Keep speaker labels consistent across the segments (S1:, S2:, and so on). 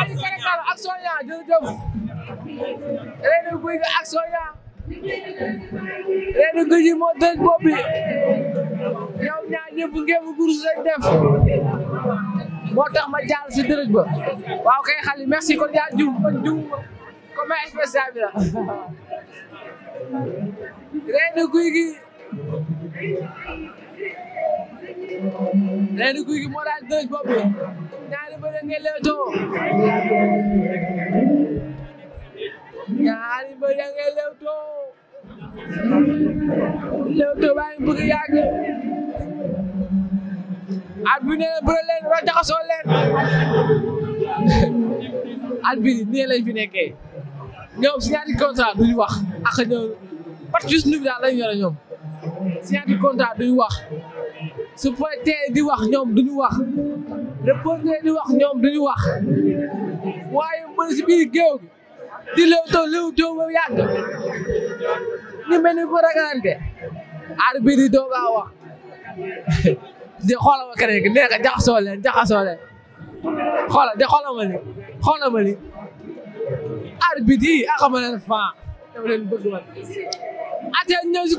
S1: Aliou Sénégal ak Sonia jërëjëf Reenu Guy gi ak Sonia Reenu Guy gi moo tëj bopp bi ñoom ñaar ñëpp ngeen mu gurus lañ moo tax ma jaar si dërëj ba waaw kay xali merci kon yaa jum kon jum comme spécial bi la Guy gi nee guy gi moo daal dëj bopp bi ñaari bëre ngeen leetoo ñaari bëre leetoo leetoo baa ngi bëgg yàgg at bi nee na bëre leen war a jaxasoo leen at bi nii lañ fi nekkee ñoom si ñaari contrat duñu wax ak ñoom parce que juste nu bi ñoom si ñaari contrat duñu wax supporter di wax ñoom duñu wax reporter ñoom duñu wax waaye mën biir géew gi di lewtoo lewtoo ba yàgg mel ni ko ragalante arbitre di doog a wax di xoolal ma keneen ki nee nga jaxasoo di xoolal ma li xoolal ma li arbitre yi ah, faa dama leen bëgg man ateen ñëw si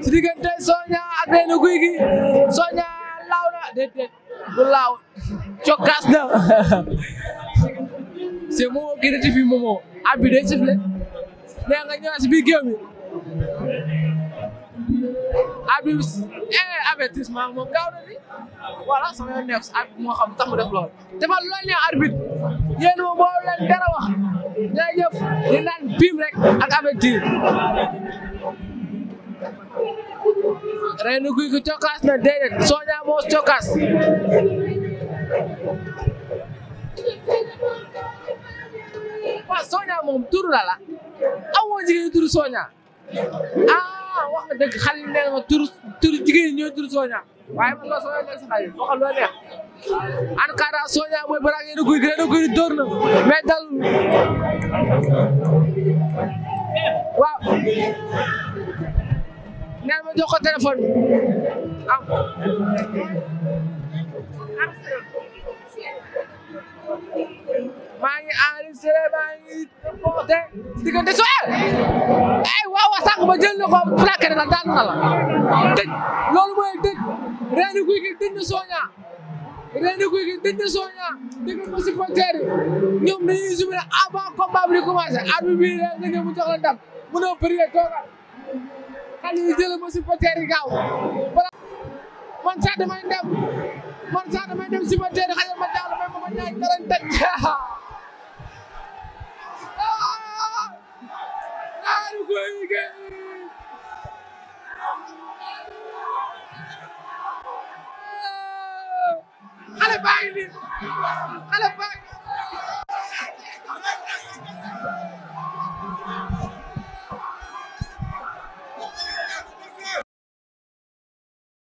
S1: si diggante Sonia ak Reenu Guy gi Sonia laaw na déedéet du laaw cokkaas na c'est Momo ki reti fi Momo ab bi day sifle si biir géew bi ab eh, moom gaaw ni voilà sama yoon nekk si ab moo def lool defal lool ne arbitre yéen moom boo leen dara wax jërëjëf di rek ak avertir reenu guy gi cokkaas na déedéet Sonia moo cokkaas waaw Sonia moom tur la la amoo tur Sonia ah wax nga dëgg xale yi tur tur jigéen ñooy tur Sonia waaye man loo soxla nekk si xale yi waxal loo neex en tout mooy balaa ngeen di guy gi reenu guy gi door na mais neen ma jox ko téléphone bi ah. maa ngi enregistré maa ngi porté diggante su ay eh! eh, waaw waaw sànq ba jël na ko plaqué na daal na la dëj loolu mooy dëj reeni guy gi dëj na sooña reeni guy gi dëj na sooña dégg nga si supporters yi ñoom dañuy subir avant combat bi di commencé arbitre bi rek nga ñëw mu jox la ndam mënoo bëri toogal Aliou jëlee ma supporter yi gaaw man sax damay dem man sax damay dem supporter yi xajal ma daal may ma ma ñaay karan taj aaru koy gën xale baa ngi nii xale baa